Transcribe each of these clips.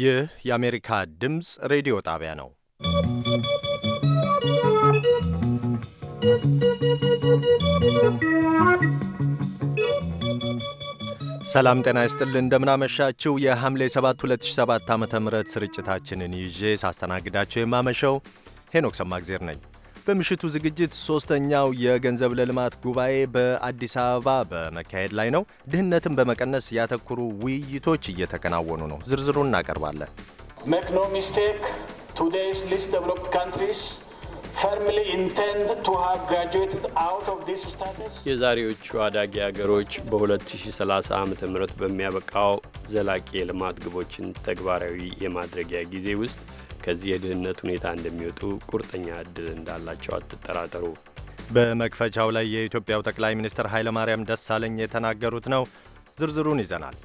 ይህ የአሜሪካ ድምፅ ሬዲዮ ጣቢያ ነው። ሰላም ጤና ይስጥልን። እንደምናመሻችው የሐምሌ 7 2007 ዓ ም ስርጭታችንን ይዤ ሳስተናግዳቸው የማመሸው ሄኖክ ሰማግዜር ነኝ። በምሽቱ ዝግጅት ሶስተኛው የገንዘብ ለልማት ጉባኤ በአዲስ አበባ በመካሄድ ላይ ነው። ድህነትን በመቀነስ ያተኩሩ ውይይቶች እየተከናወኑ ነው። ዝርዝሩን እናቀርባለን። ሜክ ኖ ሚስቴክ ቱዴይስ ሊስት ዴቨሎፕድ ካንትሪስ የዛሬዎቹ አዳጊ ሀገሮች በ2030 ዓ ም በሚያበቃው ዘላቂ የልማት ግቦችን ተግባራዊ የማድረጊያ ጊዜ ውስጥ ከዚህ የድህነት ሁኔታ እንደሚወጡ ቁርጠኛ እድል እንዳላቸው አትጠራጠሩ። በመክፈቻው ላይ የኢትዮጵያው ጠቅላይ ሚኒስትር ኃይለማርያም ደሳለኝ የተናገሩት ነው። ዝርዝሩን ይዘናል።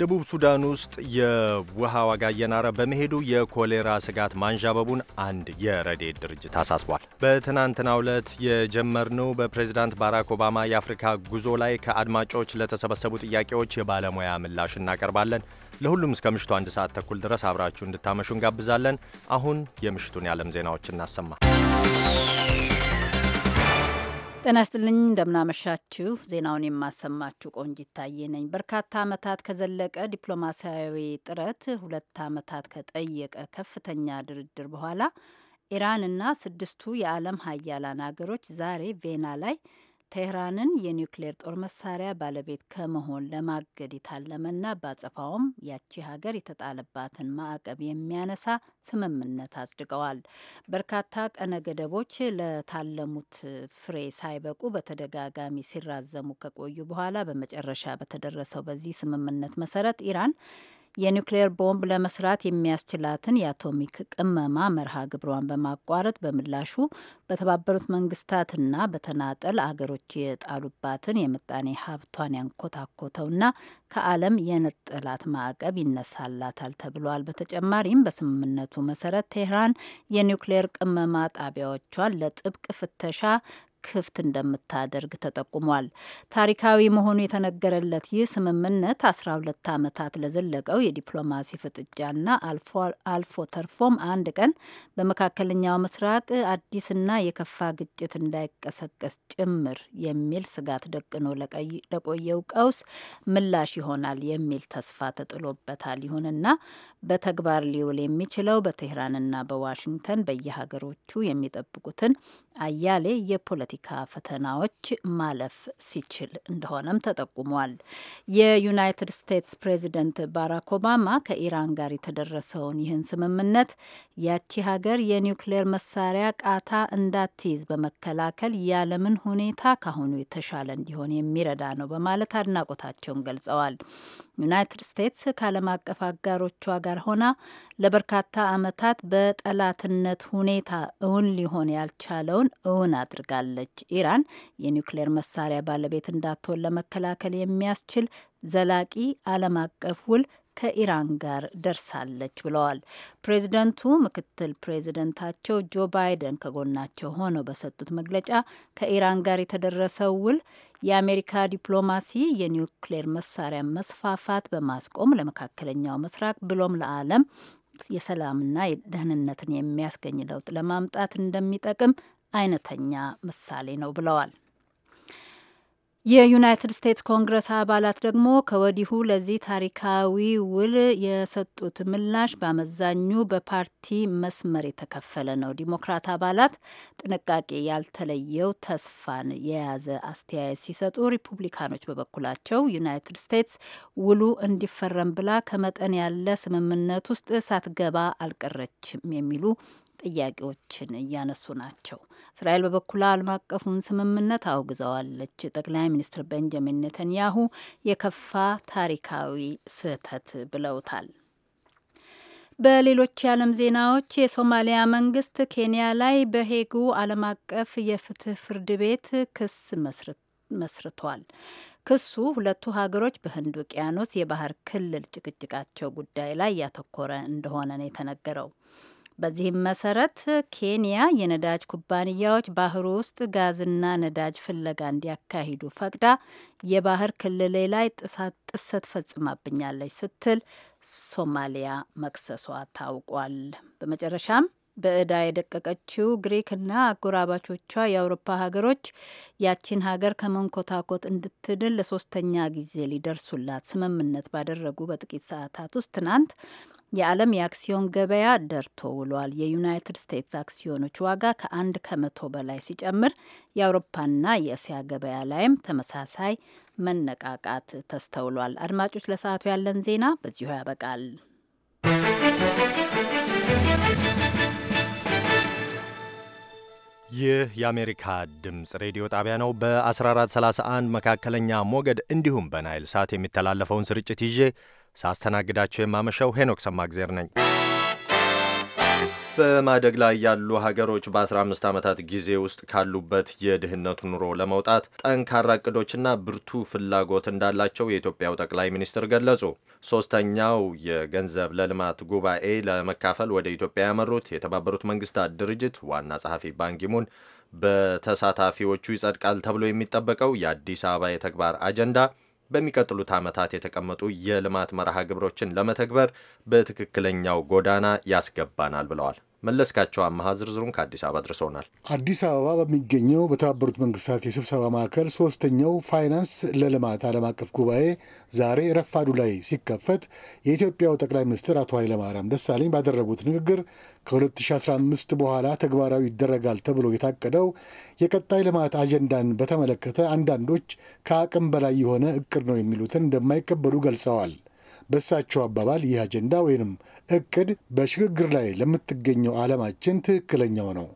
ደቡብ ሱዳን ውስጥ የውሃ ዋጋ እየናረ በመሄዱ የኮሌራ ስጋት ማንዣበቡን አንድ የረድኤት ድርጅት አሳስቧል። በትናንትናው ዕለት የጀመርነው በፕሬዚዳንት ባራክ ኦባማ የአፍሪካ ጉዞ ላይ ከአድማጮች ለተሰበሰቡ ጥያቄዎች የባለሙያ ምላሽ እናቀርባለን። ለሁሉም እስከ ምሽቱ አንድ ሰዓት ተኩል ድረስ አብራችሁ እንድታመሹ እንጋብዛለን። አሁን የምሽቱን የዓለም ዜናዎች እናሰማ። ጤና ይስጥልኝ እንደምናመሻችሁ። ዜናውን የማሰማችሁ ቆንጅ ይታየ ነኝ። በርካታ ዓመታት ከዘለቀ ዲፕሎማሲያዊ ጥረት ሁለት ዓመታት ከጠየቀ ከፍተኛ ድርድር በኋላ ኢራንና ስድስቱ የዓለም ሀያላን ሀገሮች ዛሬ ቬና ላይ ቴህራንን የኒውክሌር ጦር መሳሪያ ባለቤት ከመሆን ለማገድ የታለመና ባጸፋውም ያቺ ሀገር የተጣለባትን ማዕቀብ የሚያነሳ ስምምነት አጽድቀዋል። በርካታ ቀነ ገደቦች ለታለሙት ፍሬ ሳይበቁ በተደጋጋሚ ሲራዘሙ ከቆዩ በኋላ በመጨረሻ በተደረሰው በዚህ ስምምነት መሰረት ኢራን የኒውክሌር ቦምብ ለመስራት የሚያስችላትን የአቶሚክ ቅመማ መርሃ ግብሯን በማቋረጥ በምላሹ በተባበሩት መንግስታትና በተናጠል አገሮች የጣሉባትን የምጣኔ ሀብቷን ያንኮታኮተውና ከዓለም የነጠላት ማዕቀብ ይነሳላታል ተብሏል። በተጨማሪም በስምምነቱ መሰረት ቴህራን የኒውክሌር ቅመማ ጣቢያዎቿን ለጥብቅ ፍተሻ ክፍት እንደምታደርግ ተጠቁሟል። ታሪካዊ መሆኑ የተነገረለት ይህ ስምምነት 12 ዓመታት ለዘለቀው የዲፕሎማሲ ፍጥጫና አልፎ ተርፎም አንድ ቀን በመካከለኛው ምስራቅ አዲስና የከፋ ግጭት እንዳይቀሰቀስ ጭምር የሚል ስጋት ደቅኖ ለቆየው ቀውስ ምላሽ ይሆናል የሚል ተስፋ ተጥሎበታል። ይሁንና በተግባር ሊውል የሚችለው በቴህራንና በዋሽንግተን በየሀገሮቹ የሚጠብቁትን አያሌ የፖለቲካ የፖለቲካ ፈተናዎች ማለፍ ሲችል እንደሆነም ተጠቁሟል። የዩናይትድ ስቴትስ ፕሬዚደንት ባራክ ኦባማ ከኢራን ጋር የተደረሰውን ይህን ስምምነት ያቺ ሀገር የኒውክሌር መሳሪያ ቃታ እንዳትይዝ በመከላከል ያለምን ሁኔታ ካሁኑ የተሻለ እንዲሆን የሚረዳ ነው በማለት አድናቆታቸውን ገልጸዋል። ዩናይትድ ስቴትስ ከዓለም አቀፍ አጋሮቿ ጋር ሆና ለበርካታ ዓመታት በጠላትነት ሁኔታ እውን ሊሆን ያልቻለውን እውን አድርጋለች። ትችላለች። ኢራን የኒውክሌር መሳሪያ ባለቤት እንዳትሆን ለመከላከል የሚያስችል ዘላቂ ዓለም አቀፍ ውል ከኢራን ጋር ደርሳለች ብለዋል። ፕሬዚደንቱ ምክትል ፕሬዚደንታቸው ጆ ባይደን ከጎናቸው ሆነው በሰጡት መግለጫ ከኢራን ጋር የተደረሰው ውል የአሜሪካ ዲፕሎማሲ የኒውክሌር መሳሪያ መስፋፋት በማስቆም ለመካከለኛው ምስራቅ ብሎም ለዓለም የሰላምና ደህንነትን የሚያስገኝ ለውጥ ለማምጣት እንደሚጠቅም አይነተኛ ምሳሌ ነው ብለዋል። የዩናይትድ ስቴትስ ኮንግረስ አባላት ደግሞ ከወዲሁ ለዚህ ታሪካዊ ውል የሰጡት ምላሽ በአመዛኙ በፓርቲ መስመር የተከፈለ ነው። ዲሞክራት አባላት ጥንቃቄ ያልተለየው ተስፋን የያዘ አስተያየት ሲሰጡ፣ ሪፑብሊካኖች በበኩላቸው ዩናይትድ ስቴትስ ውሉ እንዲፈረም ብላ ከመጠን ያለ ስምምነት ውስጥ ሳትገባ አልቀረችም የሚሉ ጥያቄዎችን እያነሱ ናቸው። እስራኤል በበኩል ዓለም አቀፉን ስምምነት አውግዘዋለች። ጠቅላይ ሚኒስትር ቤንጃሚን ኔተንያሁ የከፋ ታሪካዊ ስህተት ብለውታል። በሌሎች የዓለም ዜናዎች የሶማሊያ መንግስት ኬንያ ላይ በሄጉ ዓለም አቀፍ የፍትህ ፍርድ ቤት ክስ መስርቷል። ክሱ ሁለቱ ሀገሮች በህንድ ውቅያኖስ የባህር ክልል ጭቅጭቃቸው ጉዳይ ላይ ያተኮረ እንደሆነ ነው የተነገረው። በዚህም መሰረት ኬንያ የነዳጅ ኩባንያዎች ባህር ውስጥ ጋዝና ነዳጅ ፍለጋ እንዲያካሂዱ ፈቅዳ የባህር ክልሌ ላይ ጥሰት ፈጽማብኛለች ስትል ሶማሊያ መክሰሷ ታውቋል። በመጨረሻም በእዳ የደቀቀችው ግሪክና አጎራባቾቿ የአውሮፓ ሀገሮች ያቺን ሀገር ከመንኮታኮት እንድትድል ለሶስተኛ ጊዜ ሊደርሱላት ስምምነት ባደረጉ በጥቂት ሰዓታት ውስጥ ትናንት የዓለም የአክሲዮን ገበያ ደርቶ ውሏል። የዩናይትድ ስቴትስ አክሲዮኖች ዋጋ ከአንድ ከመቶ በላይ ሲጨምር የአውሮፓና የእስያ ገበያ ላይም ተመሳሳይ መነቃቃት ተስተውሏል። አድማጮች፣ ለሰዓቱ ያለን ዜና በዚሁ ያበቃል። ይህ የአሜሪካ ድምፅ ሬዲዮ ጣቢያ ነው። በ1431 መካከለኛ ሞገድ እንዲሁም በናይል ሳት የሚተላለፈውን ስርጭት ይዤ ሳስተናግዳቸው የማመሸው ሄኖክ ሰማግዜር ነኝ። በማደግ ላይ ያሉ ሀገሮች በ15 ዓመታት ጊዜ ውስጥ ካሉበት የድህነት ኑሮ ለመውጣት ጠንካራ እቅዶችና ብርቱ ፍላጎት እንዳላቸው የኢትዮጵያው ጠቅላይ ሚኒስትር ገለጹ። ሶስተኛው የገንዘብ ለልማት ጉባኤ ለመካፈል ወደ ኢትዮጵያ ያመሩት የተባበሩት መንግስታት ድርጅት ዋና ጸሐፊ ባንኪሙን በተሳታፊዎቹ ይጸድቃል ተብሎ የሚጠበቀው የአዲስ አበባ የተግባር አጀንዳ በሚቀጥሉት ዓመታት የተቀመጡ የልማት መርሃ ግብሮችን ለመተግበር በትክክለኛው ጎዳና ያስገባናል ብለዋል። መለስካቸው አመሀ ዝርዝሩን ከአዲስ አበባ ድርሶናል። አዲስ አበባ በሚገኘው በተባበሩት መንግስታት የስብሰባ ማዕከል ሶስተኛው ፋይናንስ ለልማት ዓለም አቀፍ ጉባኤ ዛሬ ረፋዱ ላይ ሲከፈት የኢትዮጵያው ጠቅላይ ሚኒስትር አቶ ኃይለማርያም ደሳለኝ ባደረጉት ንግግር ከ2015 በኋላ ተግባራዊ ይደረጋል ተብሎ የታቀደው የቀጣይ ልማት አጀንዳን በተመለከተ አንዳንዶች ከአቅም በላይ የሆነ እቅድ ነው የሚሉትን እንደማይቀበሉ ገልጸዋል። በእሳቸው አባባል ይህ አጀንዳ ወይንም እቅድ በሽግግር ላይ ለምትገኘው ዓለማችን ትክክለኛው ነው።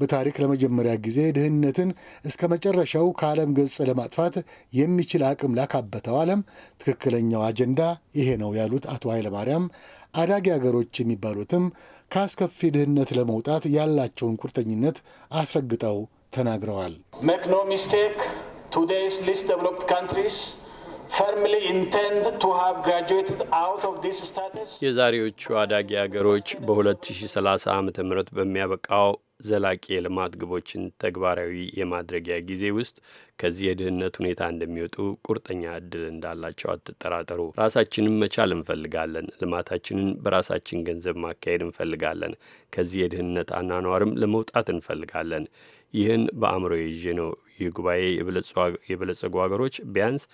በታሪክ ለመጀመሪያ ጊዜ ድህነትን እስከ መጨረሻው ከዓለም ገጽ ለማጥፋት የሚችል አቅም ላካበተው ዓለም ትክክለኛው አጀንዳ ይሄ ነው ያሉት አቶ ኃይለማርያም አዳጊ አገሮች የሚባሉትም ከአስከፊ ድህነት ለመውጣት ያላቸውን ቁርጠኝነት አስረግጠው ተናግረዋል። ሜክ ኖ ሚስቴክ ቱዴይስ ሊስት ዴቨሎፕድ ካንትሪስ የዛሬዎቹ አዳጊ አገሮች በ2030 ዓ ም በሚያበቃው ዘላቂ የልማት ግቦችን ተግባራዊ የማድረጊያ ጊዜ ውስጥ ከዚህ የድህነት ሁኔታ እንደሚወጡ ቁርጠኛ እድል እንዳላቸው አትጠራጠሩ። ራሳችንን መቻል እንፈልጋለን። ልማታችንን በራሳችን ገንዘብ ማካሄድ እንፈልጋለን። ከዚህ የድህነት አናኗርም ለመውጣት እንፈልጋለን። ይህን በአእምሮ ይዤ ነው ይህ ጉባኤ የበለጸጉ አገሮች ቢያንስ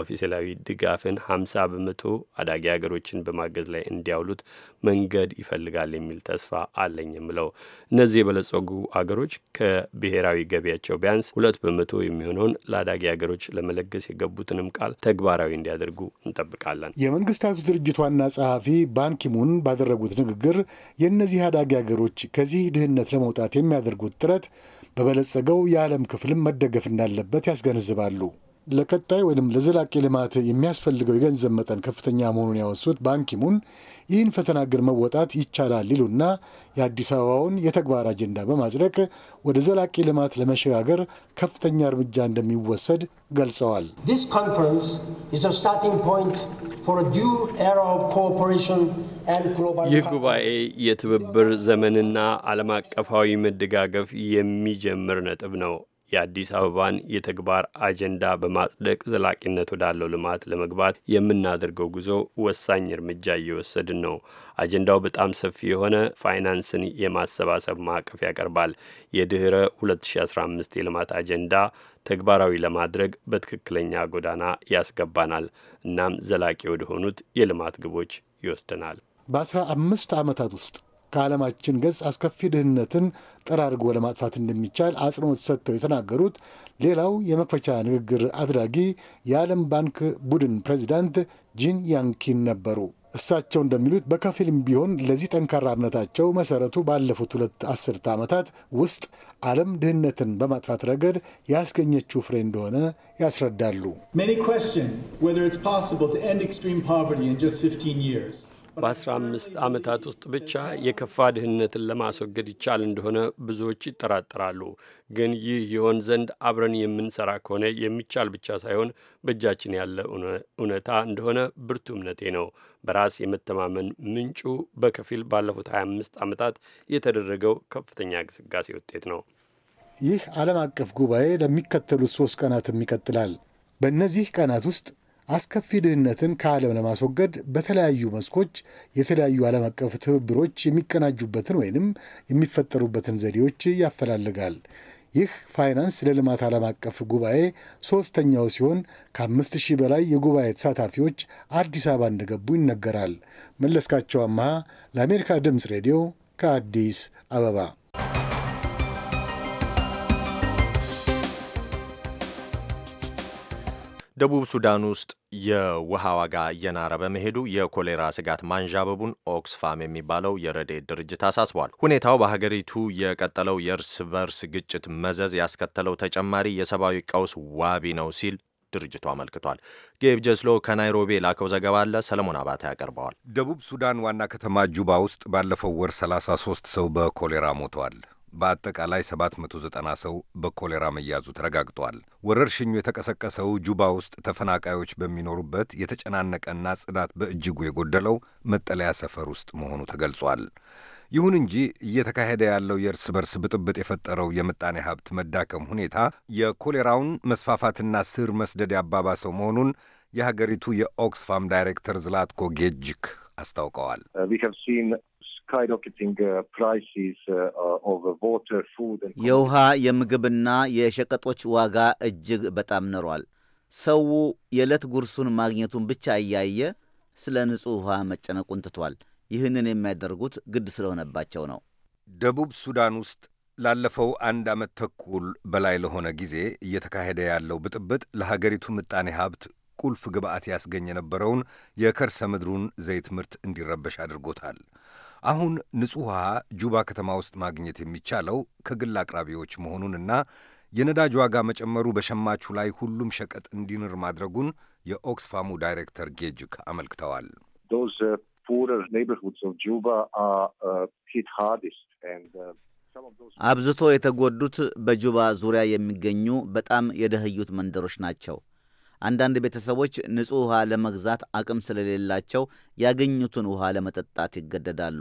ኦፊሴላዊ ድጋፍን ሀምሳ በመቶ አዳጊ ሀገሮችን በማገዝ ላይ እንዲያውሉት መንገድ ይፈልጋል የሚል ተስፋ አለኝ ብለው እነዚህ የበለጸጉ አገሮች ከብሔራዊ ገቢያቸው ቢያንስ ሁለት በመቶ የሚሆነውን ለአዳጊ ሀገሮች ለመለገስ የገቡትንም ቃል ተግባራዊ እንዲያደርጉ እንጠብቃለን። የመንግስታቱ ድርጅት ዋና ጸሐፊ ባንኪሙን ባደረጉት ንግግር የእነዚህ አዳጊ ሀገሮች ከዚህ ድህነት ለመውጣት የሚያደርጉት ጥረት በበለጸገው የዓለም ክፍልም መደገፍ እንዳለበት ያስገነዝባሉ። ለቀጣይ ወይም ለዘላቂ ልማት የሚያስፈልገው የገንዘብ መጠን ከፍተኛ መሆኑን ያወሱት ባንኪሙን ይህን ፈተና ግን መወጣት ይቻላል ይሉና የአዲስ አበባውን የተግባር አጀንዳ በማጽደቅ ወደ ዘላቂ ልማት ለመሸጋገር ከፍተኛ እርምጃ እንደሚወሰድ ገልጸዋል። ይህ ጉባኤ የትብብር ዘመንና ዓለም አቀፋዊ መደጋገፍ የሚጀምር ነጥብ ነው። የአዲስ አበባን የተግባር አጀንዳ በማጽደቅ ዘላቂነት ወዳለው ልማት ለመግባት የምናደርገው ጉዞ ወሳኝ እርምጃ እየወሰድን ነው። አጀንዳው በጣም ሰፊ የሆነ ፋይናንስን የማሰባሰብ ማዕቀፍ ያቀርባል። የድኅረ 2015 የልማት አጀንዳ ተግባራዊ ለማድረግ በትክክለኛ ጎዳና ያስገባናል። እናም ዘላቂ ወደሆኑት የልማት ግቦች ይወስደናል። በአስራ አምስት ዓመታት ውስጥ ከዓለማችን ገጽ አስከፊ ድህነትን ጠራርጎ ለማጥፋት እንደሚቻል አጽንኦት ሰጥተው የተናገሩት ሌላው የመክፈቻ ንግግር አድራጊ የዓለም ባንክ ቡድን ፕሬዚዳንት ጂን ያንኪን ነበሩ። እሳቸው እንደሚሉት በከፊልም ቢሆን ለዚህ ጠንካራ እምነታቸው መሰረቱ ባለፉት ሁለት አስርተ ዓመታት ውስጥ ዓለም ድህነትን በማጥፋት ረገድ ያስገኘችው ፍሬ እንደሆነ ያስረዳሉ። በ15 ዓመታት ውስጥ ብቻ የከፋ ድህነትን ለማስወገድ ይቻል እንደሆነ ብዙዎች ይጠራጠራሉ። ግን ይህ ይሆን ዘንድ አብረን የምንሰራ ከሆነ የሚቻል ብቻ ሳይሆን በእጃችን ያለ እውነታ እንደሆነ ብርቱ እምነቴ ነው። በራስ የመተማመን ምንጩ በከፊል ባለፉት 25 ዓመታት የተደረገው ከፍተኛ ግስጋሴ ውጤት ነው። ይህ ዓለም አቀፍ ጉባኤ ለሚከተሉት ሶስት ቀናትም ይቀጥላል። በእነዚህ ቀናት ውስጥ አስከፊ ድህነትን ከዓለም ለማስወገድ በተለያዩ መስኮች የተለያዩ ዓለም አቀፍ ትብብሮች የሚቀናጁበትን ወይንም የሚፈጠሩበትን ዘዴዎች ያፈላልጋል። ይህ ፋይናንስ ለልማት ዓለም አቀፍ ጉባኤ ሦስተኛው ሲሆን ከአምስት ሺህ በላይ የጉባኤ ተሳታፊዎች አዲስ አበባ እንደገቡ ይነገራል። መለስካቸው አመሃ ለአሜሪካ ድምፅ ሬዲዮ ከአዲስ አበባ ደቡብ ሱዳን ውስጥ የውሃ ዋጋ እየናረ በመሄዱ የኮሌራ ስጋት ማንዣበቡን ኦክስፋም የሚባለው የረድኤት ድርጅት አሳስቧል። ሁኔታው በሀገሪቱ የቀጠለው የእርስ በርስ ግጭት መዘዝ ያስከተለው ተጨማሪ የሰብአዊ ቀውስ ዋቢ ነው ሲል ድርጅቱ አመልክቷል። ጌብ ጀስሎ ከናይሮቢ የላከው ዘገባ አለ። ሰለሞን አባተ ያቀርበዋል። ደቡብ ሱዳን ዋና ከተማ ጁባ ውስጥ ባለፈው ወር 33 ሰው በኮሌራ ሞተዋል። በአጠቃላይ 790 ሰው በኮሌራ መያዙ ተረጋግጧል። ወረርሽኙ የተቀሰቀሰው ጁባ ውስጥ ተፈናቃዮች በሚኖሩበት የተጨናነቀና ጽዳት በእጅጉ የጎደለው መጠለያ ሰፈር ውስጥ መሆኑ ተገልጿል። ይሁን እንጂ እየተካሄደ ያለው የእርስ በርስ ብጥብጥ የፈጠረው የምጣኔ ሀብት መዳከም ሁኔታ የኮሌራውን መስፋፋትና ስር መስደድ ያባባሰው መሆኑን የሀገሪቱ የኦክስፋም ዳይሬክተር ዝላትኮ ጌጅክ አስታውቀዋል። uh, Uh, uh, uh, የውሃ የምግብና የሸቀጦች ዋጋ እጅግ በጣም ንሯል። ሰው የዕለት ጉርሱን ማግኘቱን ብቻ እያየ ስለ ንጹሕ ውሃ መጨነቁን ትቷል። ይህንን የሚያደርጉት ግድ ስለሆነባቸው ነው። ደቡብ ሱዳን ውስጥ ላለፈው አንድ ዓመት ተኩል በላይ ለሆነ ጊዜ እየተካሄደ ያለው ብጥብጥ ለሀገሪቱ ምጣኔ ሀብት ቁልፍ ግብዓት ያስገኝ የነበረውን የከርሰ ምድሩን ዘይት ምርት እንዲረበሽ አድርጎታል። አሁን ንጹሕ ውሃ ጁባ ከተማ ውስጥ ማግኘት የሚቻለው ከግል አቅራቢዎች መሆኑንና የነዳጅ ዋጋ መጨመሩ በሸማቹ ላይ ሁሉም ሸቀጥ እንዲንር ማድረጉን የኦክስፋሙ ዳይሬክተር ጌጅክ አመልክተዋል። uh, uh, uh, አብዝቶ የተጎዱት በጁባ ዙሪያ የሚገኙ በጣም የደህዩት መንደሮች ናቸው። አንዳንድ ቤተሰቦች ንጹሕ ውሃ ለመግዛት አቅም ስለሌላቸው ያገኙትን ውሃ ለመጠጣት ይገደዳሉ።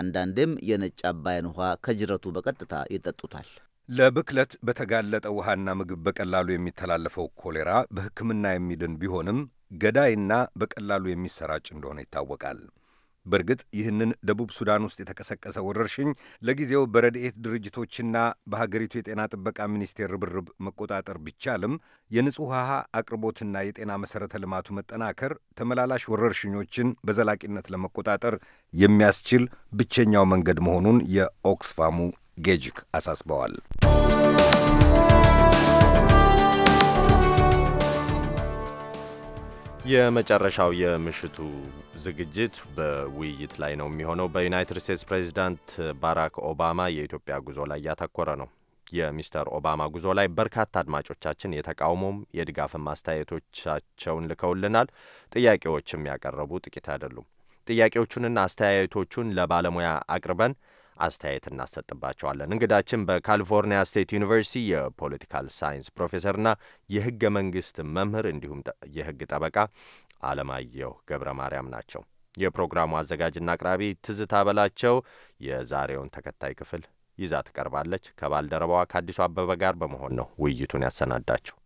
አንዳንዴም የነጭ አባይን ውሃ ከጅረቱ በቀጥታ ይጠጡታል። ለብክለት በተጋለጠ ውሃና ምግብ በቀላሉ የሚተላለፈው ኮሌራ በሕክምና የሚድን ቢሆንም ገዳይና በቀላሉ የሚሰራጭ እንደሆነ ይታወቃል። በእርግጥ ይህንን ደቡብ ሱዳን ውስጥ የተቀሰቀሰ ወረርሽኝ ለጊዜው በረድኤት ድርጅቶችና በሀገሪቱ የጤና ጥበቃ ሚኒስቴር ርብርብ መቆጣጠር ቢቻልም የንጹሕ ውሃ አቅርቦትና የጤና መሠረተ ልማቱ መጠናከር ተመላላሽ ወረርሽኞችን በዘላቂነት ለመቆጣጠር የሚያስችል ብቸኛው መንገድ መሆኑን የኦክስፋሙ ጌጅክ አሳስበዋል። የመጨረሻው የምሽቱ ዝግጅት በውይይት ላይ ነው የሚሆነው። በዩናይትድ ስቴትስ ፕሬዚዳንት ባራክ ኦባማ የኢትዮጵያ ጉዞ ላይ እያተኮረ ነው። የሚስተር ኦባማ ጉዞ ላይ በርካታ አድማጮቻችን የተቃውሞም የድጋፍም አስተያየቶቻቸውን ልከውልናል። ጥያቄዎችም ያቀረቡ ጥቂት አይደሉም። ጥያቄዎቹንና አስተያየቶቹን ለባለሙያ አቅርበን አስተያየት እናሰጥባቸዋለን። እንግዳችን በካሊፎርኒያ ስቴት ዩኒቨርሲቲ የፖለቲካል ሳይንስ ፕሮፌሰርና የህገ መንግስት መምህር እንዲሁም የህግ ጠበቃ አለማየሁ ገብረ ማርያም ናቸው። የፕሮግራሙ አዘጋጅና አቅራቢ ትዝታ በላቸው የዛሬውን ተከታይ ክፍል ይዛ ትቀርባለች። ከባልደረባዋ ከአዲሱ አበበ ጋር በመሆን ነው ውይይቱን ያሰናዳችው።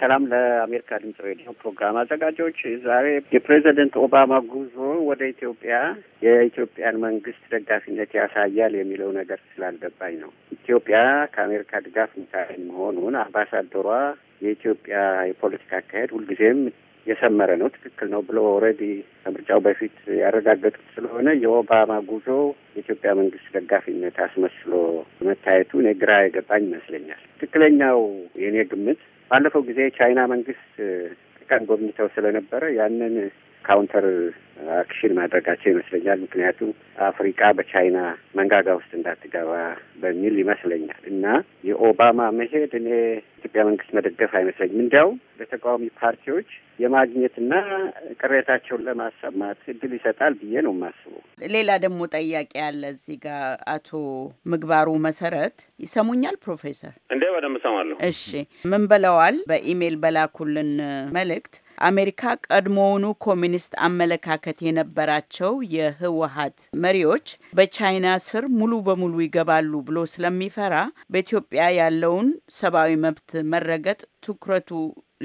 ሰላም ለአሜሪካ ድምጽ ሬዲዮ ፕሮግራም አዘጋጆች። ዛሬ የፕሬዚደንት ኦባማ ጉዞ ወደ ኢትዮጵያ የኢትዮጵያን መንግስት ደጋፊነት ያሳያል የሚለው ነገር ስላልገባኝ ነው። ኢትዮጵያ ከአሜሪካ ድጋፍ ምታይ መሆኑን አምባሳደሯ የኢትዮጵያ የፖለቲካ አካሄድ ሁልጊዜም የሰመረ ነው፣ ትክክል ነው ብሎ ኦልሬዲ ከምርጫው በፊት ያረጋገጡት ስለሆነ የኦባማ ጉዞ የኢትዮጵያ መንግስት ደጋፊነት አስመስሎ መታየቱ እኔ ግራ የገባኝ ይመስለኛል። ትክክለኛው የእኔ ግምት ባለፈው ጊዜ ቻይና መንግስት ቀን ጎብኝተው ስለነበረ ያንን ካውንተር አክሽን uh, ማድረጋቸው ይመስለኛል። ምክንያቱም አፍሪካ በቻይና መንጋጋ ውስጥ እንዳትገባ በሚል ይመስለኛል እና የኦባማ መሄድ እኔ ኢትዮጵያ መንግስት መደገፍ አይመስለኝም። እንዲያውም ለተቃዋሚ ፓርቲዎች የማግኘትና ቅሬታቸውን ለማሰማት እድል ይሰጣል ብዬ ነው የማስበው። ሌላ ደግሞ ጠያቄ አለ እዚህ ጋር አቶ ምግባሩ መሰረት ይሰሙኛል ፕሮፌሰር? እንዴ በደንብ እሰማለሁ። እሺ ምን ብለዋል? በኢሜይል በላኩልን መልእክት አሜሪካ ቀድሞውኑ ኮሚኒስት አመለካከት የነበራቸው የህወሀት መሪዎች በቻይና ስር ሙሉ በሙሉ ይገባሉ ብሎ ስለሚፈራ በኢትዮጵያ ያለውን ሰብአዊ መብት መረገጥ ትኩረቱ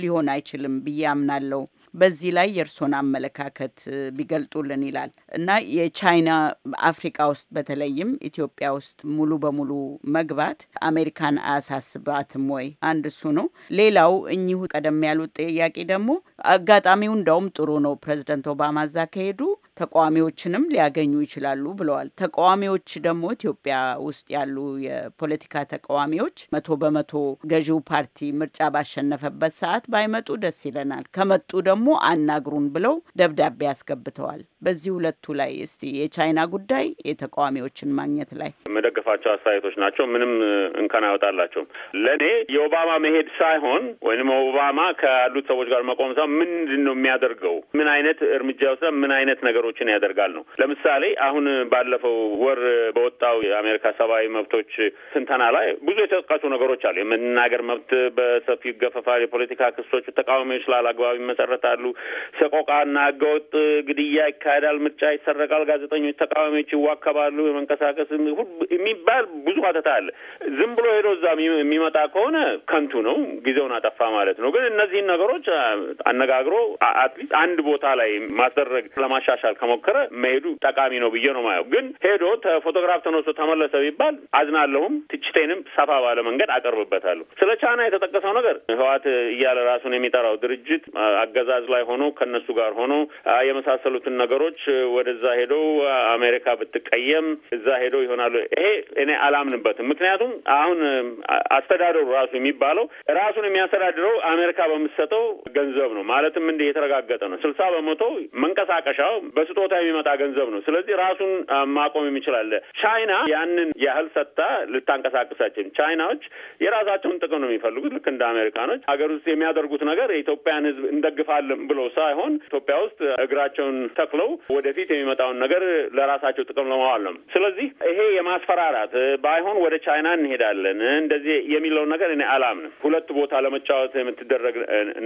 ሊሆን አይችልም ብዬ አምናለሁ። በዚህ ላይ የእርስዎን አመለካከት ቢገልጡልን ይላል እና የቻይና አፍሪካ ውስጥ በተለይም ኢትዮጵያ ውስጥ ሙሉ በሙሉ መግባት አሜሪካን አያሳስባትም ወይ? አንድ እሱ ነው። ሌላው እኚሁ ቀደም ያሉት ጥያቄ ደግሞ አጋጣሚው እንደውም ጥሩ ነው። ፕሬዚደንት ኦባማ እዛ ከሄዱ ተቃዋሚዎችንም ሊያገኙ ይችላሉ ብለዋል። ተቃዋሚዎች ደግሞ ኢትዮጵያ ውስጥ ያሉ የፖለቲካ ተቃዋሚዎች መቶ በመቶ ገዢው ፓርቲ ምርጫ ባሸነፈበት ሰዓት ባይመጡ ደስ ይለናል። ከመጡ ደግሞ ደግሞ አናግሩን ብለው ደብዳቤ አስገብተዋል። በዚህ ሁለቱ ላይ እስቲ የቻይና ጉዳይ የተቃዋሚዎችን ማግኘት ላይ የምደግፋቸው አስተያየቶች ናቸው። ምንም እንከን አይወጣላቸውም። ለእኔ የኦባማ መሄድ ሳይሆን ወይም ኦባማ ከያሉት ሰዎች ጋር መቆም ሳይሆን ምንድን ነው የሚያደርገው፣ ምን አይነት እርምጃ ይወስዳል፣ ምን አይነት ነገሮችን ያደርጋል ነው። ለምሳሌ አሁን ባለፈው ወር በወጣው የአሜሪካ ሰብአዊ መብቶች ስንተና ላይ ብዙ የተጠቀሱ ነገሮች አሉ። የመናገር መብት በሰፊ ይገፈፋል። የፖለቲካ ክሶች ተቃዋሚዎች ላለ ይመሰረታል ይመጣሉ። ሰቆቃና ህገወጥ ግድያ ይካሄዳል። ምርጫ ይሰረቃል። ጋዜጠኞች፣ ተቃዋሚዎች ይዋከባሉ። የመንቀሳቀስ የሚባል ብዙ ሀተታ አለ። ዝም ብሎ ሄዶ እዛ የሚመጣ ከሆነ ከንቱ ነው፣ ጊዜውን አጠፋ ማለት ነው። ግን እነዚህን ነገሮች አነጋግሮ አትሊስት አንድ ቦታ ላይ ማስደረግ ለማሻሻል ከሞከረ መሄዱ ጠቃሚ ነው ብዬ ነው ማየው። ግን ሄዶ ፎቶግራፍ ተነስቶ ተመለሰ ቢባል አዝናለሁም፣ ትችቴንም ሰፋ ባለ መንገድ አቀርብበታለሁ። ስለ ቻይና የተጠቀሰው ነገር ህወሓት እያለ ራሱን የሚጠራው ድርጅት አገዛዝ በመያዝ ላይ ሆኖ ከነሱ ጋር ሆኖ የመሳሰሉትን ነገሮች ወደዛ ሄደው አሜሪካ ብትቀየም እዛ ሄደው ይሆናሉ። ይሄ እኔ አላምንበትም። ምክንያቱም አሁን አስተዳደሩ ራሱ የሚባለው ራሱን የሚያስተዳድረው አሜሪካ በምትሰጠው ገንዘብ ነው። ማለትም እንዲህ የተረጋገጠ ነው። ስልሳ በመቶ መንቀሳቀሻው በስጦታ የሚመጣ ገንዘብ ነው። ስለዚህ ራሱን ማቆም የሚችላለ ቻይና ያንን ያህል ሰጥታ ልታንቀሳቀሳችን ቻይናዎች የራሳቸውን ጥቅም ነው የሚፈልጉት ልክ እንደ አሜሪካኖች። ሀገር ውስጥ የሚያደርጉት ነገር የኢትዮጵያን ሕዝብ እንደግፋለን አይደለም ብሎ ሳይሆን ኢትዮጵያ ውስጥ እግራቸውን ተክለው ወደፊት የሚመጣውን ነገር ለራሳቸው ጥቅም ለማዋል ነው። ስለዚህ ይሄ የማስፈራራት ባይሆን ወደ ቻይና እንሄዳለን እንደዚህ የሚለውን ነገር እኔ አላምንም። ሁለት ቦታ ለመጫወት የምትደረግ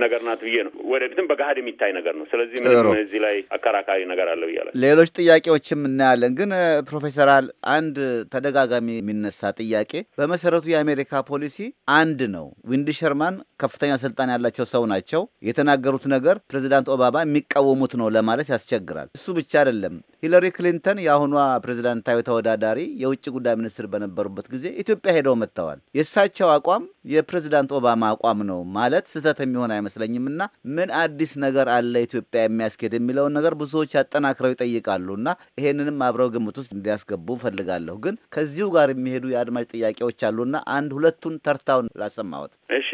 ነገር ናት ብዬ ነው። ወደፊትም በገሀድ የሚታይ ነገር ነው። ስለዚህ ምንም እዚህ ላይ አከራካሪ ነገር አለ ብያለ። ሌሎች ጥያቄዎችም እናያለን። ግን ፕሮፌሰር አል አንድ ተደጋጋሚ የሚነሳ ጥያቄ በመሰረቱ የአሜሪካ ፖሊሲ አንድ ነው። ዊንድ ሸርማን ከፍተኛ ስልጣን ያላቸው ሰው ናቸው። የተናገሩት ነገር ነገር ፕሬዚዳንት ኦባማ የሚቃወሙት ነው ለማለት ያስቸግራል። እሱ ብቻ አይደለም። ሂለሪ ክሊንተን የአሁኗ ፕሬዚዳንታዊ ተወዳዳሪ የውጭ ጉዳይ ሚኒስትር በነበሩበት ጊዜ ኢትዮጵያ ሄደው መጥተዋል። የእሳቸው አቋም የፕሬዚዳንት ኦባማ አቋም ነው ማለት ስህተት የሚሆን አይመስለኝም እና ምን አዲስ ነገር አለ ኢትዮጵያ የሚያስኬድ የሚለውን ነገር ብዙዎች ያጠናክረው ይጠይቃሉ እና ይሄንንም አብረው ግምት ውስጥ እንዲያስገቡ ፈልጋለሁ ግን ከዚሁ ጋር የሚሄዱ የአድማጭ ጥያቄዎች አሉና አንድ ሁለቱን ተርታውን ላሰማወት። እሺ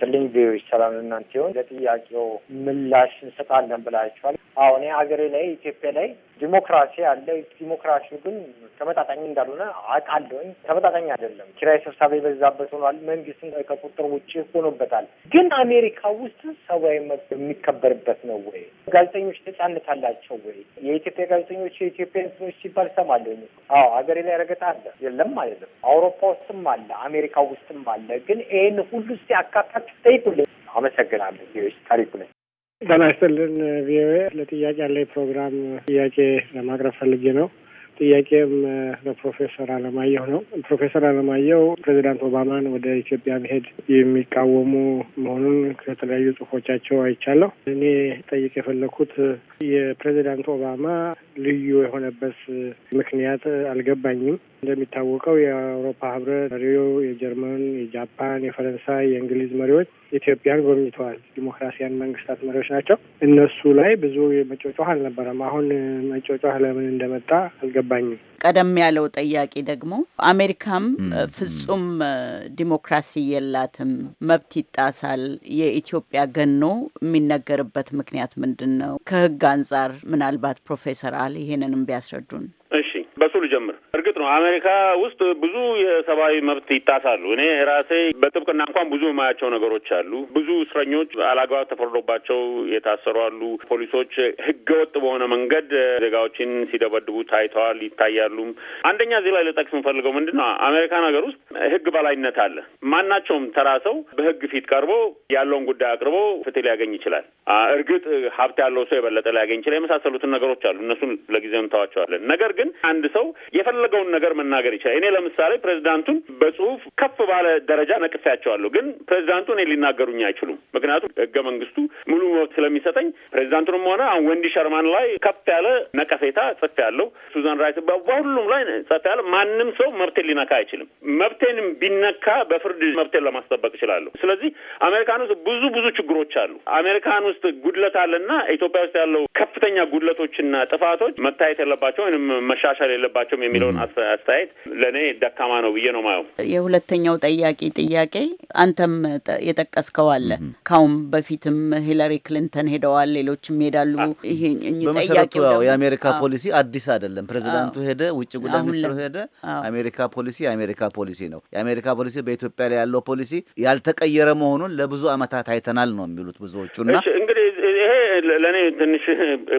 ትልኝ ቪዎች ሰላም እናንተ ሲሆን ለጥያቄው ምላሽ እንሰጣለን ብላችኋል። አሁን ሀገሬ ላይ ኢትዮጵያ ላይ ዲሞክራሲ አለ። ዲሞክራሲው ግን ተመጣጣኝ እንዳልሆነ አውቃለሁኝ። ተመጣጣኝ አይደለም። ኪራይ ሰብሳቢ የበዛበት ሆኗል። መንግስትን ከቁጥር ውጭ ሆኖበታል። ግን አሜሪካ ውስጥ ሰብአዊ መብት የሚከበርበት ነው ወይ? ጋዜጠኞች ነጻነት አላቸው ወይ? የኢትዮጵያ ጋዜጠኞች የኢትዮጵያ ንትኖች ሲባል እሰማለሁኝ። አዎ ሀገሬ ላይ ረገጣ አለ የለም አይደለም። አውሮፓ ውስጥም አለ፣ አሜሪካ ውስጥም አለ። ግን ይህን ሁሉ ስ ስላበረታታችሁ ጠይቁልኝ። አመሰግናለሁ። ታሪኩ ታሪኩልኝ። ጤና ይስጥልን ቪኦኤ። ለጥያቄ ያለ ፕሮግራም ጥያቄ ለማቅረብ ፈልጌ ነው። ጥያቄም ለፕሮፌሰር አለማየሁ ነው። ፕሮፌሰር አለማየሁ ፕሬዚዳንት ኦባማን ወደ ኢትዮጵያ መሄድ የሚቃወሙ መሆኑን ከተለያዩ ጽሁፎቻቸው አይቻለሁ። እኔ ጠይቅ የፈለኩት የፕሬዚዳንት ኦባማ ልዩ የሆነበት ምክንያት አልገባኝም። እንደሚታወቀው የአውሮፓ ህብረት መሪው፣ የጀርመን፣ የጃፓን፣ የፈረንሳይ፣ የእንግሊዝ መሪዎች ኢትዮጵያን ጎብኝተዋል። ዲሞክራሲያን መንግስታት መሪዎች ናቸው። እነሱ ላይ ብዙ መጮጮህ አልነበረም። አሁን መጮጮህ ለምን እንደመጣ አልገባ አልገባኝም። ቀደም ያለው ጥያቄ ደግሞ አሜሪካም ፍጹም ዲሞክራሲ የላትም፣ መብት ይጣሳል፣ የኢትዮጵያ ገኖ የሚነገርበት ምክንያት ምንድን ነው? ከህግ አንጻር ምናልባት ፕሮፌሰር አል ይሄንንም ቢያስረዱን። እሺ በሱ ልጀምር። እርግጥ ነው አሜሪካ ውስጥ ብዙ የሰብአዊ መብት ይጣሳሉ። እኔ ራሴ በጥብቅና እንኳን ብዙ የማያቸው ነገሮች አሉ። ብዙ እስረኞች አላግባብ ተፈርዶባቸው የታሰሩ አሉ። ፖሊሶች ህገወጥ በሆነ መንገድ ዜጋዎችን ሲደበድቡ ታይተዋል፣ ይታያሉ። አንደኛ እዚህ ላይ ልጠቅስ የምፈልገው ምንድን ነው አሜሪካን ሀገር ውስጥ ህግ በላይነት አለ። ማናቸውም ተራ ሰው በህግ ፊት ቀርቦ ያለውን ጉዳይ አቅርቦ ፍትህ ሊያገኝ ይችላል። እርግጥ ሀብት ያለው ሰው የበለጠ ሊያገኝ ይችላል። የመሳሰሉትን ነገሮች አሉ። እነሱን ለጊዜው እንተዋቸዋለን። ነገር ግን አንድ ሰው የፈለገውን ነገር መናገር ይችላል። እኔ ለምሳሌ ፕሬዚዳንቱን በጽሁፍ ከፍ ባለ ደረጃ ነቅፌያቸዋለሁ። ግን ፕሬዚዳንቱ እኔ ሊናገሩኝ አይችሉም። ምክንያቱም ህገ መንግስቱ ሙሉ መብት ስለሚሰጠኝ ፕሬዚዳንቱንም ሆነ አሁን ወንዲ ሸርማን ላይ ከፍ ያለ ነቀፌታ ጽፍ ያለው ሱዛን ራይት በሁሉም ላይ ጸጥ ያለ ማንም ሰው መብቴን ሊነካ አይችልም። መብቴንም ቢነካ በፍርድ መብቴን ለማስጠበቅ እችላለሁ። ስለዚህ አሜሪካን ውስጥ ብዙ ብዙ ችግሮች አሉ። አሜሪካን ውስጥ ጉድለት አለና ኢትዮጵያ ውስጥ ያለው ከፍተኛ ጉድለቶችና ጥፋቶች መታየት የለባቸው ወይም መሻሻል የለባቸውም የሚለውን አስተያየት ለእኔ ደካማ ነው ብዬ ነው ማየው። የሁለተኛው ጠያቂ ጥያቄ አንተም የጠቀስከው አለ ካሁን በፊትም ሂላሪ ክሊንተን ሄደዋል፣ ሌሎችም ሄዳሉ። ይሄ በመሰረቱ የአሜሪካ ፖሊሲ አዲስ አይደለም። ፕሬዚዳንቱ ሄደ፣ ውጭ ጉዳይ ሚኒስትሩ ሄደ። አሜሪካ ፖሊሲ የአሜሪካ ፖሊሲ ነው። የአሜሪካ ፖሊሲ በኢትዮጵያ ላይ ያለው ፖሊሲ ያልተቀየረ መሆኑን ለብዙ ዓመታት አይተናል ነው የሚሉት ብዙዎቹ እና እንግዲህ ይሄ ለእኔ ትንሽ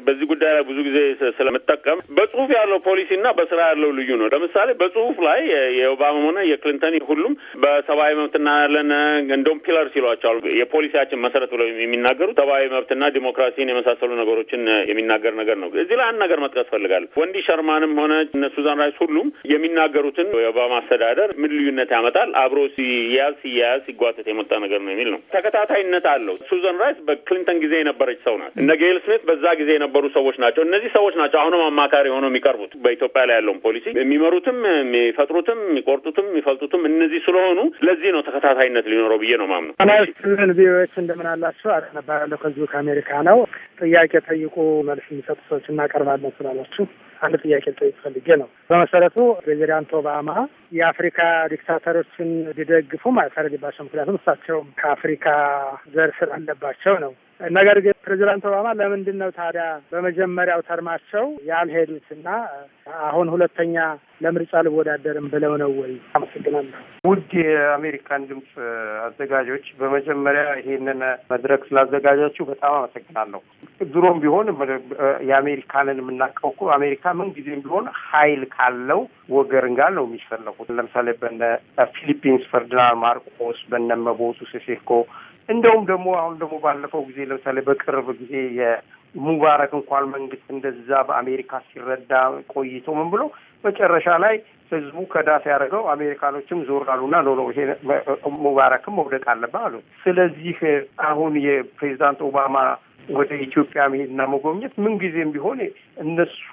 በዚህ ጉዳይ ላይ ብዙ ጊዜ ስለምጠቀም በጽሁፍ ያለው ፖሊሲና በስራ ያለው ልዩ ነው። ለምሳሌ በጽሁፍ ላይ የኦባማም ሆነ የክሊንተን ሁሉም በሰብአዊ መብትና ያለን እንደውም ፒለርስ ይሏቸዋል የፖሊሲያችን መሰረት ብለው የሚናገሩ ሰብአዊ መብትና ዲሞክራሲን የመሳሰሉ ነገሮችን የሚናገር ነገር ነው። እዚህ ላይ አንድ ነገር መጥቀስ ፈልጋለሁ። ወንዲ ሸርማንም ሆነ እነ ሱዛን ራይስ ሁሉም የሚናገሩትን የኦባማ አስተዳደር ምን ልዩነት ያመጣል አብሮ ሲያዝ ሲያያዝ ሲጓተት የመጣ ነገር ነው የሚል ነው። ተከታታይነት አለው። ሱዘን ራይስ በክሊንተን ጊዜ የነበረች ሰው ናት። እነ ጌል ስሚት በዛ ጊዜ የነበሩ ሰዎች ናቸው። እነዚህ ሰዎች ናቸው አሁንም አማካሪ ሆነው የሚቀርቡት በኢትዮጵያ ላይ ያለውን ፖሊሲ የሚመሩትም የሚፈጥሩትም የሚቆርጡትም የሚፈልጡትም እነዚህ ስለሆኑ ለዚህ ነው ተከታታይነት ሊኖረው ብዬ ነው ማምነው። ላስልን ቪኦኤዎች እንደምን አላችሁ? አነባለሁ ከዚሁ ከአሜሪካ ነው። ጥያቄ ጠይቁ መልስ የሚሰጡ ሰዎች እናቀርባለን ስላላችሁ አንድ ጥያቄ ልጠይቅ ፈልጌ ነው። በመሰረቱ ፕሬዚዳንት ኦባማ የአፍሪካ ዲክታተሮችን ሊደግፉ ማለት አለባቸው። ምክንያቱም እሳቸውም ከአፍሪካ ዘር ስላለባቸው ነው። ነገር ግን ፕሬዚዳንት ኦባማ ለምንድን ነው ታዲያ በመጀመሪያው ተርማቸው ያልሄዱት እና አሁን ሁለተኛ ለምርጫ አልወዳደርም ብለው ነው ወይ? አመሰግናለሁ። ውድ የአሜሪካን ድምፅ አዘጋጆች፣ በመጀመሪያ ይሄንን መድረክ ስላዘጋጃችሁ በጣም አመሰግናለሁ። ድሮም ቢሆን የአሜሪካንን የምናውቀው እኮ አሜሪካ ምን ጊዜም ቢሆን ኃይል ካለው ወገን ጋር ነው የሚፈለው የሚታወቁት ለምሳሌ በነ ፊሊፒንስ ፈርዲናንድ ማርቆስ በነ መቦቱ ሴሴኮ እንደውም ደግሞ አሁን ደግሞ ባለፈው ጊዜ ለምሳሌ በቅርብ ጊዜ የሙባረክ እንኳን መንግስት እንደዛ በአሜሪካ ሲረዳ ቆይቶ ምን ብሎ መጨረሻ ላይ ህዝቡ ከዳስ ያደርገው አሜሪካኖችም ዞር አሉና ኖ ኖ ይሄ ሙባረክም መውደቅ አለበት አሉ። ስለዚህ አሁን የፕሬዚዳንት ኦባማ ወደ ኢትዮጵያ መሄድና መጎብኘት ምንጊዜም ቢሆን እነሱ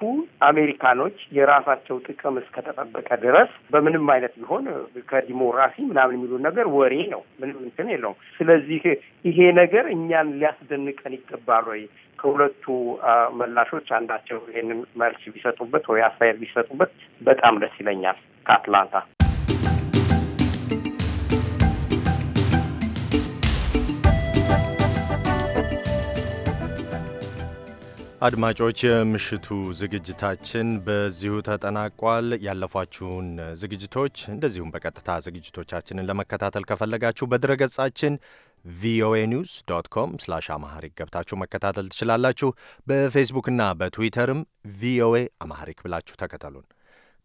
አሜሪካኖች የራሳቸው ጥቅም እስከተጠበቀ ድረስ በምንም አይነት ቢሆን ከዲሞክራሲ ምናምን የሚሉ ነገር ወሬ ነው። ምንም እንትን የለውም። ስለዚህ ይሄ ነገር እኛን ሊያስደንቀን ይገባል ወይ? ከሁለቱ መላሾች አንዳቸው ይህንን መልስ ቢሰጡበት ወይ አስተያየት ቢሰጡበት በጣም ደስ ይለኛል። ከአትላንታ አድማጮች የምሽቱ ዝግጅታችን በዚሁ ተጠናቋል። ያለፏችሁን ዝግጅቶች እንደዚሁም በቀጥታ ዝግጅቶቻችንን ለመከታተል ከፈለጋችሁ በድረገጻችን ቪኦኤ ኒውስ ዶት ኮም ስላሽ አማሐሪክ ገብታችሁ መከታተል ትችላላችሁ። በፌስቡክና በትዊተርም ቪኦኤ አማሐሪክ ብላችሁ ተከተሉን።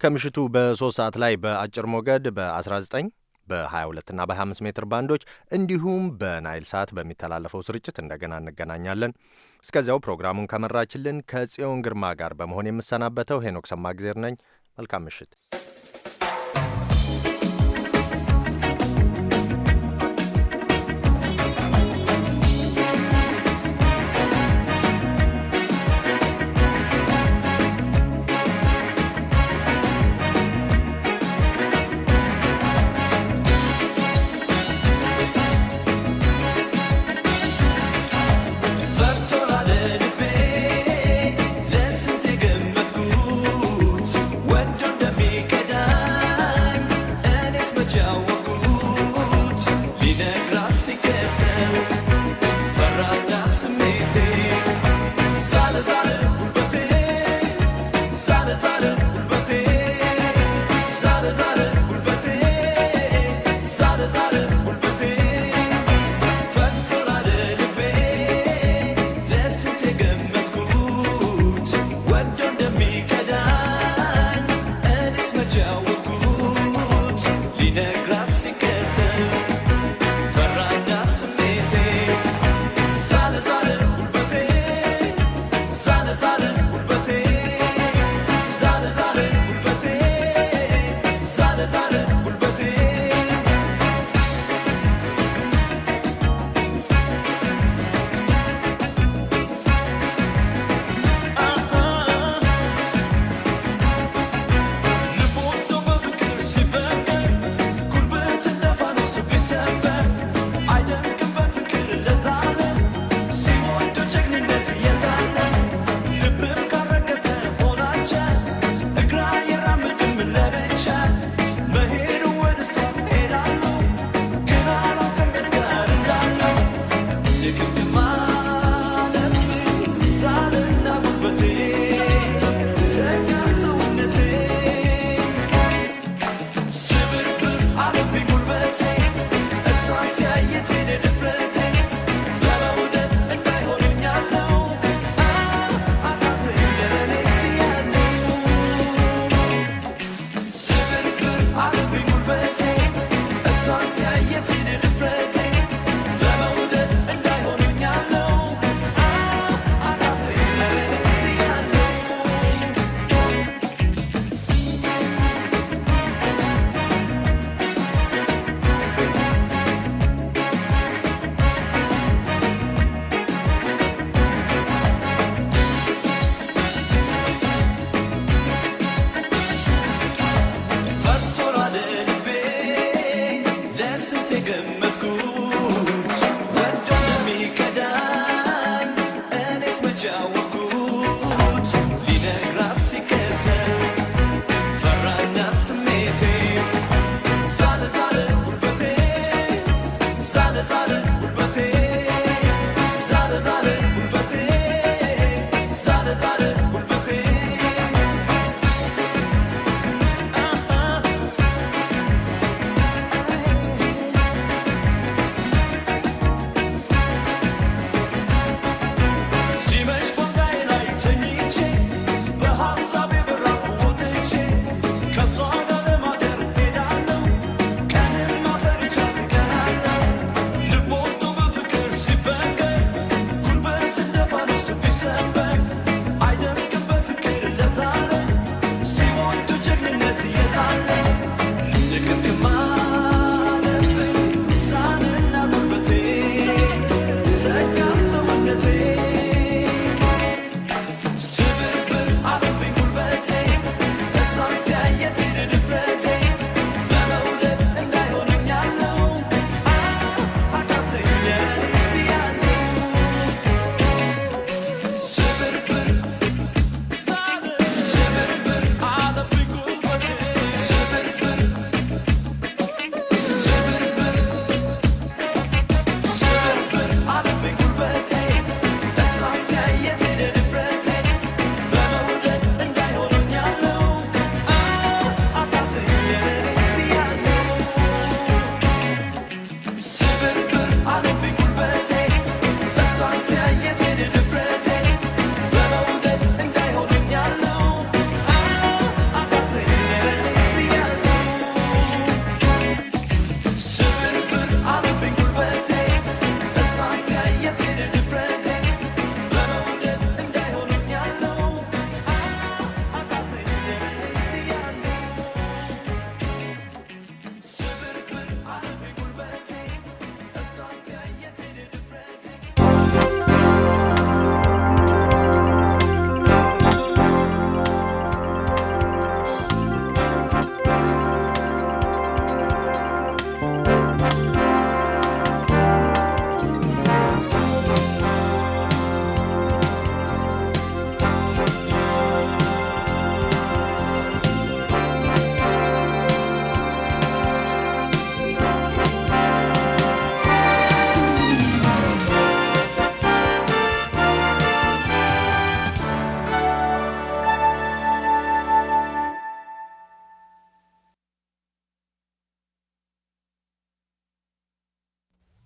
ከምሽቱ በሶስት ሰዓት ላይ በአጭር ሞገድ በ19 በ22 እና በ25 ሜትር ባንዶች እንዲሁም በናይል ሳት በሚተላለፈው ስርጭት እንደገና እንገናኛለን። እስከዚያው ፕሮግራሙን ከመራችልን ከጽዮን ግርማ ጋር በመሆን የምሰናበተው ሄኖክ ሰማግዜር ነኝ። መልካም ምሽት።